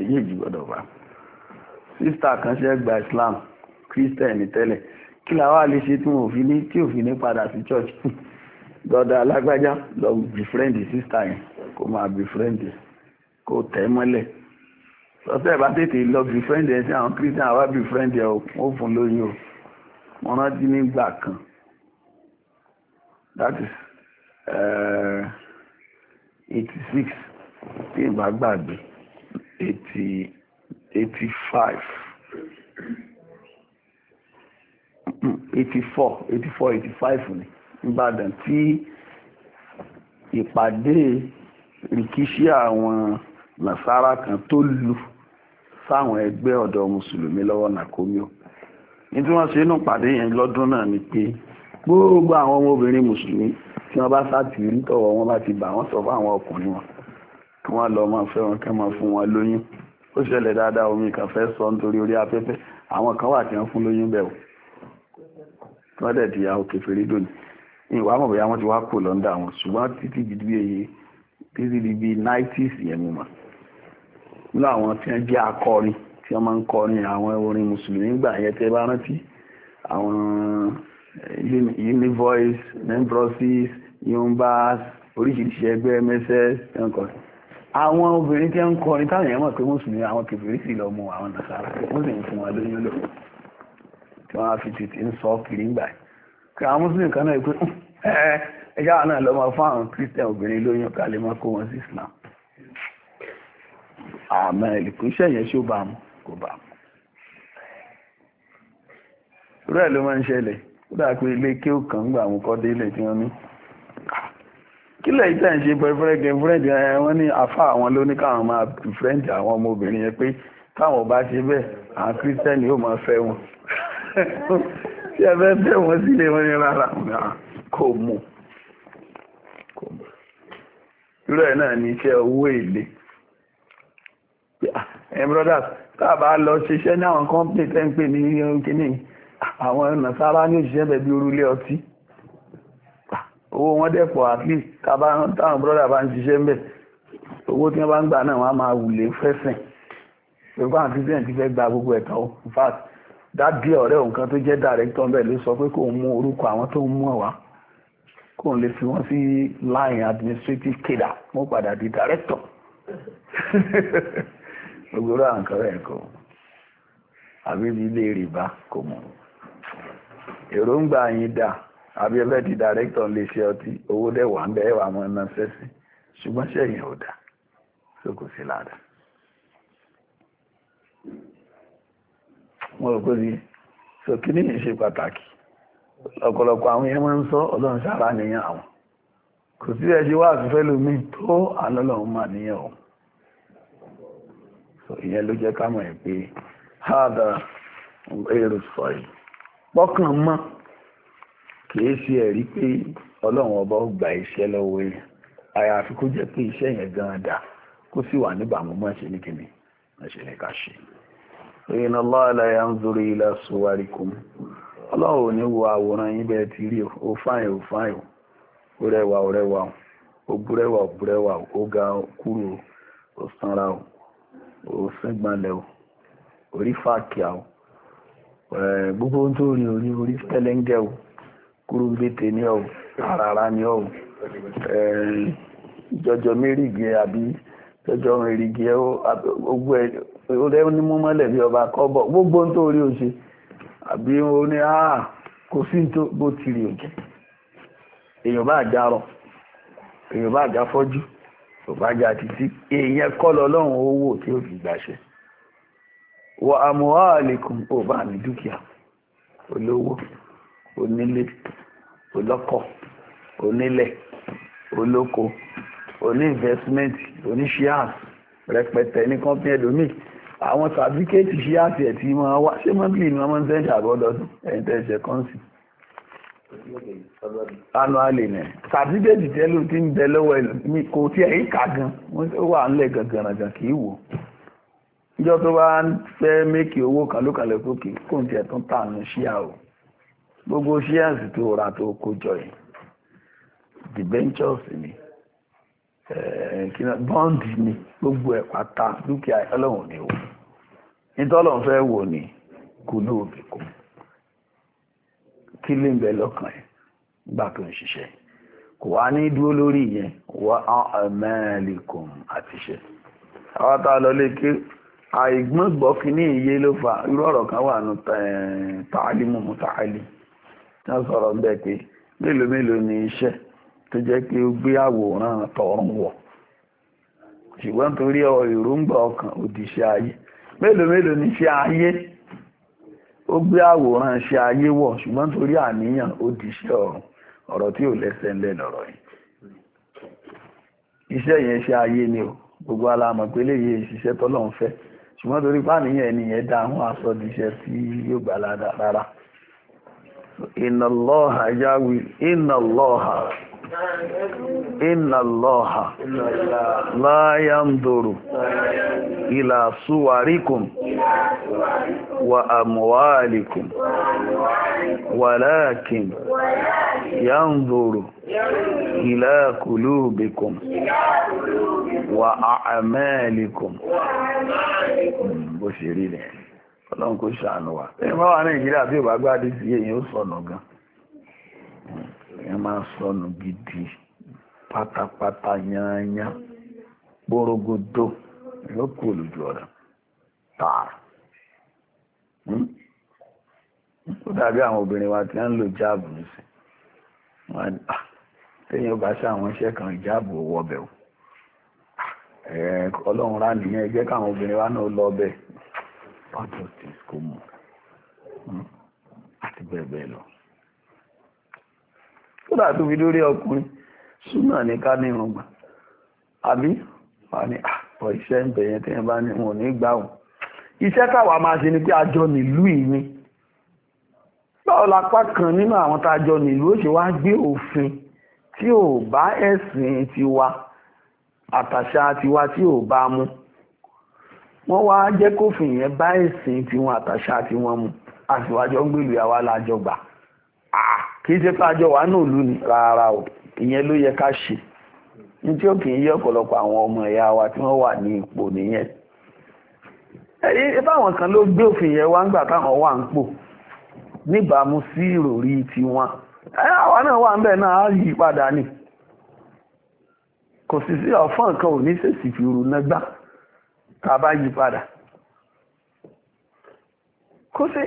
[SPEAKER 1] èyí gbọ́dọ̀ wà sísítà kan ṣe gba Islam Christian, tẹ́lẹ̀ kí làwọn àlèṣe tí wọn ò fi ní tí ò fi ní padà sí church gbọ́dọ̀ alágbájá lọ befriend sísítà yẹn kó máa befriend kó tẹ̀ mọ́lẹ̀ sọ́sẹ́ bá tètè lọ befriend ẹ̀ sí àwọn kírísítẹ̀nì àwa befriend ẹ̀ ó fún lóyún o wọ́n rántí nígbà kan that is eh, eighty six tí ìgbà gbàgbé eighty eighty five eighty four eighty four eighty five ni Ìbàdàn tí ìpàdé rìkíṣí àwọn nàṣàrà kan tó lu sáwọn ẹgbẹ́ ọ̀dọ́ mùsùlùmí lọ́wọ́ nàkómíò ní tí wọ́n ṣe inú pàdé yẹn lọ́dún náà ni pé gbogbo àwọn ọmọbìnrin mùsùlùmí tí wọ́n bá sá ti rí tọ̀wọ̀ wọn bá ti bà wọ́n sọ fún àwọn ọkùnrin wọn kí wọ́n lọ máa fẹ́ wọn kí wọ́n máa fún wọn lóyún ó ṣẹlẹ̀ dáadáa omi kan fẹ́ sọ nítorí orí afẹ́fẹ́ àwọn kan wà tí wọ́n fún lóyún bẹ́ẹ̀ o tí wọ́n dẹ̀ di àwọn kẹfẹ́rí dòní ìwà mọ̀ bóyá wọ́n ti wá kò lọ́ndà wọn ṣùgbọ́n títí di bí èyí títí di bí 90s yẹn mo mọ̀ nínú àwọn tí wọ́n jẹ́ akọrin tí wọ́n máa ń kọrin àwọn orin mùsùlùmí gbà yẹn tẹ́ bá rántí àwọn eh, univoice membrosis yumbas oríṣiríṣi ẹgbẹ́ mss ẹ̀ńkọ̀rin àwọn obìnrin tí ń kọrin táwọn èèyàn mọ̀ pé mùsùlùmí àwọn kèfèrí sì lọ mú àwọn nàṣàrà wọ́n sì ń fún wọn lóyún lò tí wọ́n á fi tètè ń sọ kiri ńgbà kí àwọn mùsùlùmí kan náà pé ẹjá wọn náà lọ máa fún àwọn christian obìnrin lóyún ká lè máa kó wọn sí islam àmọ́ ìlùkún iṣẹ́ yẹn ṣó bá mu kò bá mu. rẹ́ẹ̀ ló máa ń ṣẹlẹ̀ ó dà pé ilé kéwù kan gbà mú kọ́ délé tí wọ́n ní kílẹ̀ ìtẹ́ ń ṣe boyfriend friend wọ́n ní àfa àwọn lóní káwọn máa friend àwọn ọmọbìnrin yẹn pé táwọn bá ṣe bẹ́ẹ̀ àwọn kírísítẹ́nì yóò máa fẹ́ wọn tí ẹ fẹ́ fẹ́ wọn sílé wọn ní rárá kò mú irú ẹ̀ náà ní iṣẹ́ owó èlé ẹ̀yin brothers tá a bá lọ ṣiṣẹ́ ní àwọn company tẹ́ ń pè ní kíní àwọn nàṣàrà ní òṣìṣẹ́ bẹ̀ bí orúlé ọtí owó wọn dẹ̀pọ̀ at least táwọn brọ́dà bá ń ṣiṣẹ́ ń bẹ̀ owó tí wọ́n bá ń gbà náà wọ́n á máa wùlé fẹ́sìn pẹ̀lú àwọn christian ti fẹ́ gba gbogbo ẹ̀tọ́ in fact dádì ọ̀rẹ́ òun kan tó jẹ́ director bẹ́ẹ̀ ló sọ pé kò mú orúkọ àwọn tó ń mú ọ̀wá kò lè fi wọ́n sí line administrative cadre mo padà di director gbogbo rẹ̀ àǹkan rẹ̀ kò àbí ilé rìbá kò mọ̀ èròǹgbà yín dáa àbí ẹbẹ́ di director lè ṣe ọtí owó dẹ̀ wà ń bẹ́ ẹ̀wà àwọn ẹ̀nà sẹ́sìn ṣùgbọ́n ṣẹ̀yìn ọ̀dà sókò sí lára. wọ́n rò pé sókè ní ìṣe pàtàkì ọ̀pọ̀lọpọ̀ àwọn yẹn máa ń sọ ọlọ́run sára nìyẹn àwọn kò sí ẹṣin wá àtúfẹ́ lómi tó àlọ́lọ́run mà níyàn ọ̀hún ìyẹn ló jẹ́ ká mọ̀ ẹ̀ pé háàdà èrò sọ yìí pọ́kàn mọ́ kì kìí ṣe ẹ̀rí pé ọlọ́run ọba ó gba iṣẹ́ lọ́wọ́ yẹn àyàfi kó jẹ́ pé iṣẹ́ yẹn gan-an dà kó sì wà níbàámu mọ́ ṣe ní kíni mọ́ ṣe ní ká ṣe. inna Allaha la yanzuru ila suwarikum ọlọ́run ò ní wo àwòrán yín bẹ́ẹ̀ ti rí o fáìn o fáìn o ó rẹwà ó rẹwà o ó búrẹ́wà ó búrẹ́wà o ó ga kúrò o sanra o ó sẹ́gbàlẹ̀ o orí fàkíà o gbogbo ohun tó rí orí orí tẹ́lẹ́ńgẹ́ o. kúrú gbètè ní ọ̀hún àràrà ní ọ̀hún jọjọ mérìgì àbí jọjọ mérìgì ẹ gbogbo ẹ ó rẹ́wọ́n ní múmọ́lẹ̀ bí ọba kọ́bọ̀ gbogbo ń tó orí o ṣe àbí ó ní áà kò sí ní tó bó ti rí òjẹ́ èèyàn bá jarọ èèyàn bá já fọ́jú kò já títí èèyàn kọ́ lọ lọ́rùn owó tí ó fi gbàṣẹ wọ àmúhà àlékún ò bá dúkìá olówó onílé olọ́kọ̀ onílẹ̀ olóko oní investment oní shares rẹpẹtẹ ní company ẹlòmíì àwọn sàbíkẹ́ẹ̀tì shares ẹ̀ tí wọ́n wá ṣé mọ́bìlì ni wọ́n máa ń sẹ́ńdì àbọ̀dọ́dún ẹ̀ńtẹ̀ẹ̀ṣẹ̀ kọ́ńsì annually ni sàtífíkẹ́tì tẹ́lú tí ń bẹ lọ́wọ́ ẹlòmí kò tí ẹ̀ ń kà gan ó wà ńlẹ̀ gangan kì í wò níjọ́ tó bá ń fẹ́ mékì owó kan ló kalẹ̀ kókè kó ń tiẹ̀ tún tà ní ṣíà o gbogbo shares tó rà tó kó jọ yìí debentures eh, ni bond ni gbogbo ẹ̀ pátá dúkìá ọlọ́run ni o nítọ́lọ́run fẹ́ wò ní kùlú òbí kù kí lè ń bẹ lọ́kàn ẹ̀ gbà tó ń ṣiṣẹ́ kò wá ní dúró lórí ìyẹn wà amẹ́ẹ̀lìkùn àtiṣẹ́ àwọn tá a lọ lé kí àìgbọ́n gbọ́kí ní iye ló fa irú ọ̀rọ̀ kan wà nù tààlímù mùtàálí wọ́n sọ̀rọ̀ ń bẹ̀ pé mélòó mélòó ni iṣẹ́ tó jẹ́ pé ó gbé àwòrán tọ̀run wọ̀ ṣùgbọ́n torí èròǹgbà ọkàn òdìṣẹ́ ayé mélòó mélòó ni iṣẹ́ ayé ó gbé àwòrán iṣẹ́ ayé wọ̀ ṣùgbọ́n torí àníyàn òdìṣẹ́ ọ̀run ọ̀rọ̀ tí ò lẹ́sẹ̀ ńlẹ̀ lọ́rọ̀ yìí iṣẹ́ yẹn iṣẹ́ ayé ni o gbogbo alamọ̀ pé léyìí ìṣiṣẹ́ tọ́lọ́ ń fẹ́ ṣùgbọ́n torí pàníyàn ẹni yẹn dá àwọn aṣọ níṣẹ́ tí yóò gbà ládàá rárá inna allaha yahwi inna allaha inna allaha la yanduru ila suwarikum wa amwalikum walakin
[SPEAKER 2] yanduru
[SPEAKER 1] ila kulubikum
[SPEAKER 2] hmm,
[SPEAKER 1] bó ṣe rí nìyẹn ọlọ́run kò ṣàánú wa ẹ̀yìn máa wà nàìjíríà bí bá gbáàdì sí èyí, ó sọnù gan èyàn máa sọnù gidi pátápátá yányá gbórógódó yóò kú olùjọ ọ̀rẹ́ tààrà hmm? ó dàbí àwọn obìnrin wa tí wọ́n ń lo jáàbù nísìn wọ́n á ah, ṣe àwọn iṣẹ́ kan ìjáàbù owó ọbẹ̀ ah, ọlọ́run rà nìyẹn jẹ́ káwọn obìnrin wa náà lọ bẹ́ẹ̀. court justice kò mọ̀ hmm? àti bẹ́ẹ̀ bẹ́ẹ̀ lọ. kódà tó fi lórí ọkùnrin súnà ní ká ní irùngbọ̀n àbí wà ní àpọ̀ ah, iṣẹ́ ń bẹ̀yẹn tí wọ́n bá ní wọn ní gbà iṣẹ́ káwa máa ṣe ni pé àjọ nílùú ìní báwo lápá kan nínú àwọn tá a jọ nílùú ó ṣe wá gbé òfin tí ò bá ẹ̀sìn tiwa àtàṣà tiwa tí ò bá mú. wọ́n wá jẹ́ kófin yẹn bá ẹ̀sìn tiwọn àtàṣà tiwọn mu àṣìwájọ́ ń gbèlú àwa lájọ gbà kì í ṣe pé àjọ wa náà lù ní rárá o ìyẹn ló yẹ ká ṣe ní tí ó kì í yẹ ọ̀pọ̀lọpọ̀ àwọn ọmọ ẹ̀yà wa tí wọ́n wà ní ipò nìyẹn báwọn kan ló gbé òfin yẹn wá ń gbà táwọn wà ń pò níbàámu sí ìròrí tiwọn àwa náà wà ń bẹ̀ náà á yí padà ni kò sì sí ọ̀fọ́n kan ò ní ṣèṣì fi rú náà àbá yí padà kó sí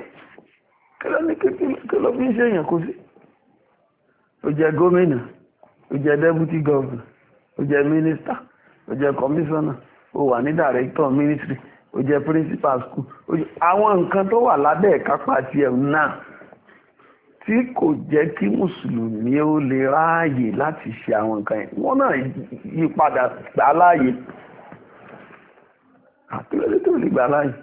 [SPEAKER 1] kí ló ní kí ló fi ń kó sí ó gómìnà ó deputy governor ó minister ó commissioner ó wà ní director ministry ó principal school àwọn nǹkan tó wà lábẹ́ ẹ̀ka pàtì ẹ̀ náà tí kò jẹ́ kí mùsùlùmí ó lè ráàyè láti ṣe àwọn nǹkan yẹn wọ́n náà yí padà gbà láàyè àkílódé tó lè gbà láyìí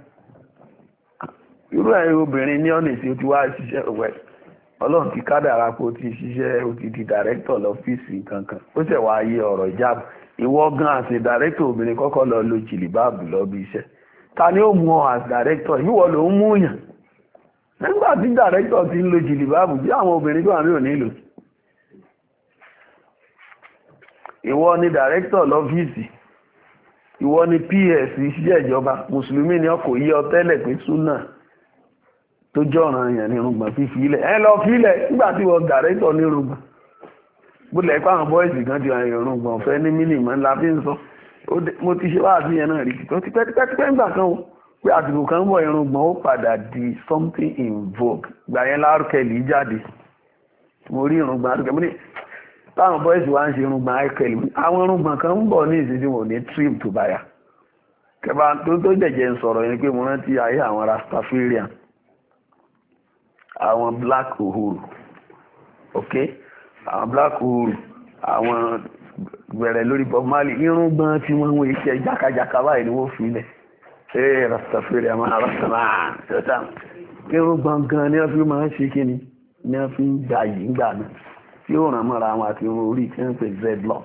[SPEAKER 1] irú ẹ̀rọ obìnrin ní ọ̀nà tí ó ti wá ṣiṣẹ́ òwe ọlọ́run ti kádàrá pé ó ti ṣiṣẹ́ ó ti di dàrẹ́tọ̀ lọ́fíìsì kankan ó ṣẹ̀ wá ayé ọ̀rọ̀ ìjáàbù ìwọ gan àti dàrẹ́tọ̀ obìnrin kọ́kọ́ lọ lo jìlìbáàbù lọ́bí iṣẹ́ ta ni ó mú ọ àti dàrẹ́tọ̀ ìwọ ló ń mú yàn nígbà tí dàrẹ́tọ̀ ti ń lo jìlìbáàbù bí àwọn obìnrin tó wà ní òní lò ìwọ ni dàrẹ́tọ̀ lọ́fíìsì ìwọ ni ps iṣẹ́ ìjọba mùsùlùmí ni ọkọ̀ yí ọ tẹ́lẹ̀ pé súnà tó jọ̀ràn èèyàn ní irùngbọ̀n fífi ilẹ̀ ẹ lọ fi ilẹ̀ nígbà tí wọ́n dàrẹ́tọ̀ ní irùngbọ̀n bólẹ̀ ipá àwọn bọ́ìsì kan ti wà irùngbọ̀n fẹ́ ní mínímọ̀ ńlá fi ń sọ mo ti ṣe wá àfihàn náà rí tó tipẹ́ tipẹ́ tipẹ́ ń gbà kan o pé àsìkò kan bọ̀ irùngbọ̀n ó padà di something in vogue gbà yẹn lárúkẹ́ lì jáde mo rí irùngbọ̀n lárúkẹ́ mo ní táwọn boys wá ń ṣe irùngbọ̀n aikel àwọn irùngbọ̀n kan ń bọ̀ ní ìsinsin wọn ní trim tó báyà kẹfà tó tó jẹjẹ ń sọ̀rọ̀ yẹn pé mo rántí ayé àwọn rastafarian àwọn black uhuru ok àwọn black uhuru àwọn bẹ̀rẹ̀ lórí bob marley irùngbọ̀n tí wọ́n ń wọ iṣẹ́ jákàjáká báyìí ni wọ́n fi lẹ̀ ee rastafarian máa
[SPEAKER 2] rastaman ṣẹ́tàn
[SPEAKER 1] irùngbọ̀n gan ni wọ́n fi máa ń ṣe kí ni ni wọ́n fi ń gbà yìí gbà náà. tí ó ràn mọ́ra wọn àti irun orí kí wọ́n pè dreadlock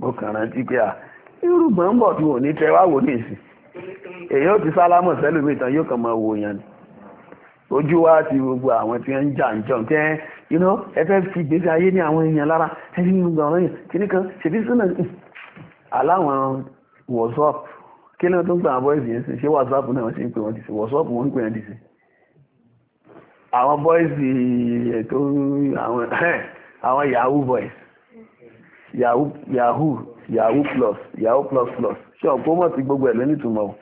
[SPEAKER 1] mo kàn rántí pé à ah, irúgbọ̀n ń bọ̀ tí wọ́n ní tẹ́ wá wò ní ìsìn èyí ó ti sálámọ̀ sẹ́lómi tán yóò kàn máa wo yẹn ojú wa ti gbogbo àwọn tí wọ́n ń jà ń jọ fi gbèsè ayé ní àwọn èèyàn lára kí ṣèbí sínú aláwọn kí ni wọ́n àwọn yahoo boys yahoo yahoo yahoo plus yahoo plus plus ṣọ́ọ̀kú mọ̀ sí gbogbo ẹ̀ ló nítumọ̀ o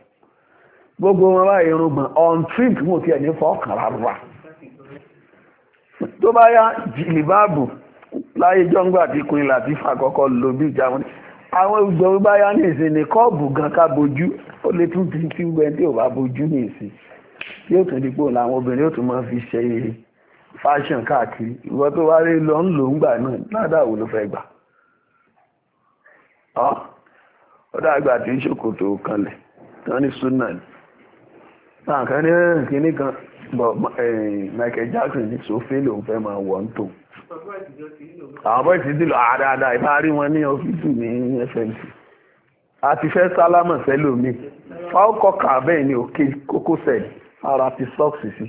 [SPEAKER 1] gbogbo wọn báyìí irùngbọ̀n on trip mo ti ẹ̀ ní fọ́ọ̀kan rárá tó bá yá jìlìbáàbù láyé jọ́ngbà tí kun ilà tí fa kọ́kọ́ lò bí ìjà wọn àwọn ìgbọ̀n bá yá ní ìsìn ní kọ́ọ̀bù gan ká bojú ó lè tún ti ti gbẹ tí ò bá bojú ní ìsìn yóò tún dípò làwọn obìnrin yóò tún máa fi ṣe eré fashion káàkiri ìwọ tó wá rí lọ ń lò ń gbà náà ládàá ló fẹ́ gbà ó dàgbà tí ń ṣòkòtò kanlẹ̀ tán ní súnà ní náà kan ní eh, kíní kan bọ̀ eh, Michael Jackson ní sófin lòun fẹ́ máa wọ̀ ń tò àwọn bọ́ọ̀sì ti lọ àdáadáa ah, ìbá rí wọn ní ọ́fíìsì ní FMC àti fẹ́ sálámọ̀ sẹ́lòmíì fáwọ́kọ̀ kà bẹ́ẹ̀ ni òkè kókósẹ̀ ara ti sọ́ọ̀sì sí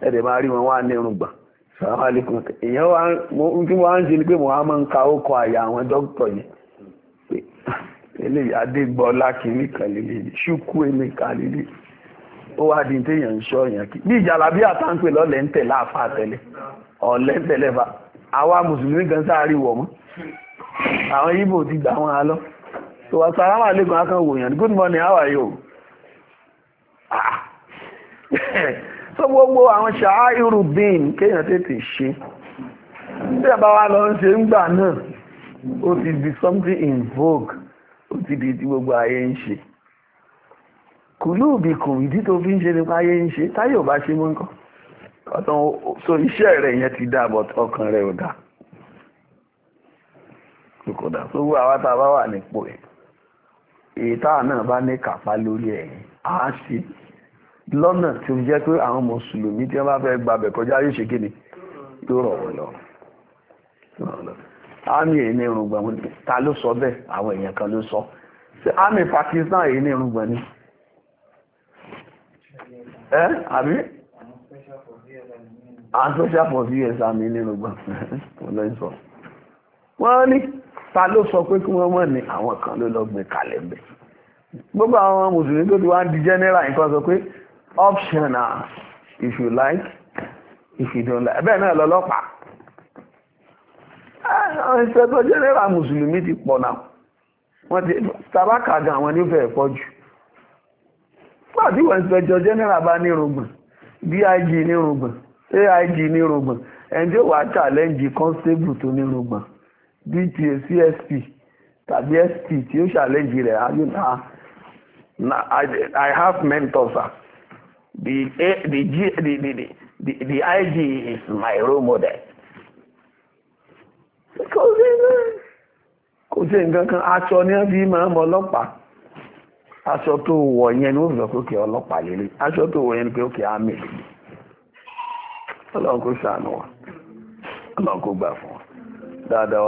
[SPEAKER 1] ẹ̀dẹ̀ máa rí wọn wá ní irùngbọ̀n sàmàlìkùn èèyàn wá ń tí wọ́n á ń ṣe ni pé wọ́n á máa ń ka ó àyà àwọn dókítọ̀ yẹn pé eléyìí adégbọ́lá kìíní kan lélẹ̀ ṣùkú èmi ó wá di téèyàn ń ṣọ́ yẹn kí bí ìjàlá bí àtàǹpẹ̀ lọ́lẹ̀ ń tẹ̀lé àfa àtẹ̀lẹ̀ ọ̀lẹ́ ń tẹ̀lé fa àwa mùsùlùmí gan sáárì wọ̀ mọ́ àwọn Ìgbò ti gbà wọn alọ́ tó sàmàlìkùn akàn good morning how are you? Ah. so gbogbo àwọn ṣàá irúgbìn kéèyàn tètè ṣe tí a bá wá lọ ń ṣe ń gbà náà ó ti di something in vogue ó ti di ti gbogbo ayé ń ṣe kùlú ìbìkùn ìdí tó fi ń ṣe nípa ayé ń ṣe táyé ò ṣe mọ́ nǹkan ọ̀tàn so iṣẹ́ rẹ̀ yẹn ti dá but ọkàn rẹ̀ ò dá kò dá sówó àwa tá a bá wà nípò ẹ̀ èyí táwa náà bá ní kàpá lórí ẹ̀ á ṣe lọ́nà tí ó jẹ́ pé àwọn mùsùlùmí tí wọ́n bá fẹ́ gbàbẹ̀ kọjá yóò ṣe kéde yóò rọ̀ wọ́n lọ. àmì èyí ní irùngbọ̀n wọn ta ló sọ bẹ́ẹ̀ àwọn èèyàn kan ló sọ àmì Pakistan èyí ní irùngbọ̀n ni. ẹ àbí àtúnṣe for years àmì ní irùngbọ̀n ọlọ́yìn sọ. wọ́n ní ta ló sọ pé kí wọ́n mọ̀ ní àwọn kan ló lọ gbé kalẹ̀ bẹ́ẹ̀ gbogbo àwọn mùsùlùmí tó ti wá ń di general nǹkan sọ pé optional if you like if you don't like ah, ti pọ̀ náà wọ́n ti tabaka gan àwọn pọ̀ jù pàtí wọ́n general bá nírùngbọ̀n dig aig nírùngbọ̀n constable tó nírùngbọ̀n dta csp tàbí sp tí ó challenge rẹ̀ ah, i have mentors The, the, the, the, the, the, the IG is my role model. Kò sí nǹkan kan aṣọ wọ́n fi máa ọlọ́pàá. Aṣọ tó wọ̀ yẹn ni ó fi kí ọlọ́pàá lélẹ̀. Aṣọ tó wọ̀ yẹn ni pé ó á Ọlọ́run kò wa. Ọlọ́run kò gbà fún wa. Dáadáa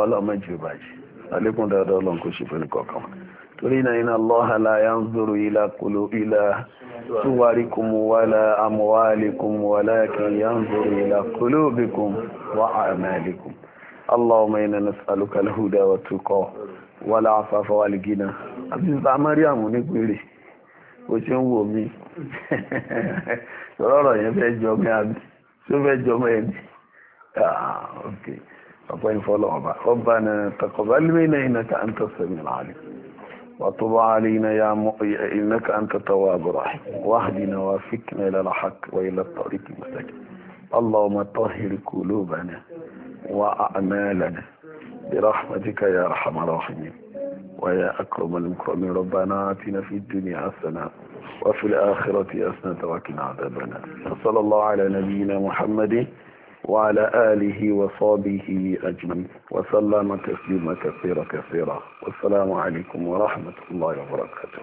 [SPEAKER 1] صوركم ولا أموالكم ولكن ينظر إلى قلوبكم وأعمالكم اللهم إنا نسألك الهدى والتقى والعفاف والغنى àbíbá mariam ní pèrè kò ṣe ń wò mí lọ́rọ̀ yẹn fẹ́ jọ mí àbí tó fẹ́ jọ mí ẹ̀mí ọ̀pọ̀ ìfọlọ́ ọba ọba náà taqabbal minna innaka anta as-sami'ul وتب علينا يا مقيع إنك أنت التواب الرحيم واهدنا وافقنا إلى الحق وإلى الطريق المستقيم اللهم طهر قلوبنا وأعمالنا برحمتك يا أرحم الراحمين ويا أكرم المكرمين ربنا آتنا في الدنيا حسنة وفي الآخرة حسنة وقنا عذاب النار وصلى الله على نبينا محمد وعلى آله وصحبه أجمعين وسلم تسليما كثيرا كثيرا والسلام عليكم ورحمة الله وبركاته